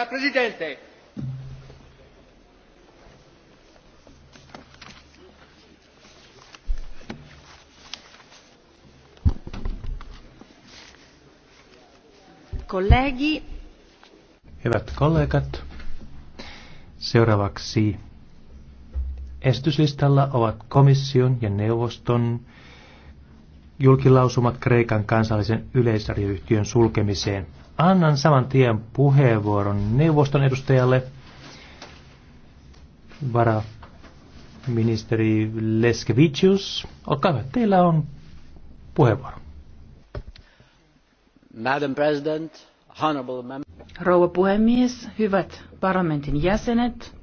La Presidente. Kollegi. Hyvät kollegat, seuraavaksi esityslistalla ovat komission ja neuvoston julkilausumat Kreikan kansallisen yleisradioyhtiön sulkemiseen. Annan saman tien puheenvuoron neuvoston edustajalle, varaministeri Leskevicius. Olkaa hyvä, teillä on puheenvuoro. Madam President, honorable Rouva puhemies, hyvät parlamentin jäsenet,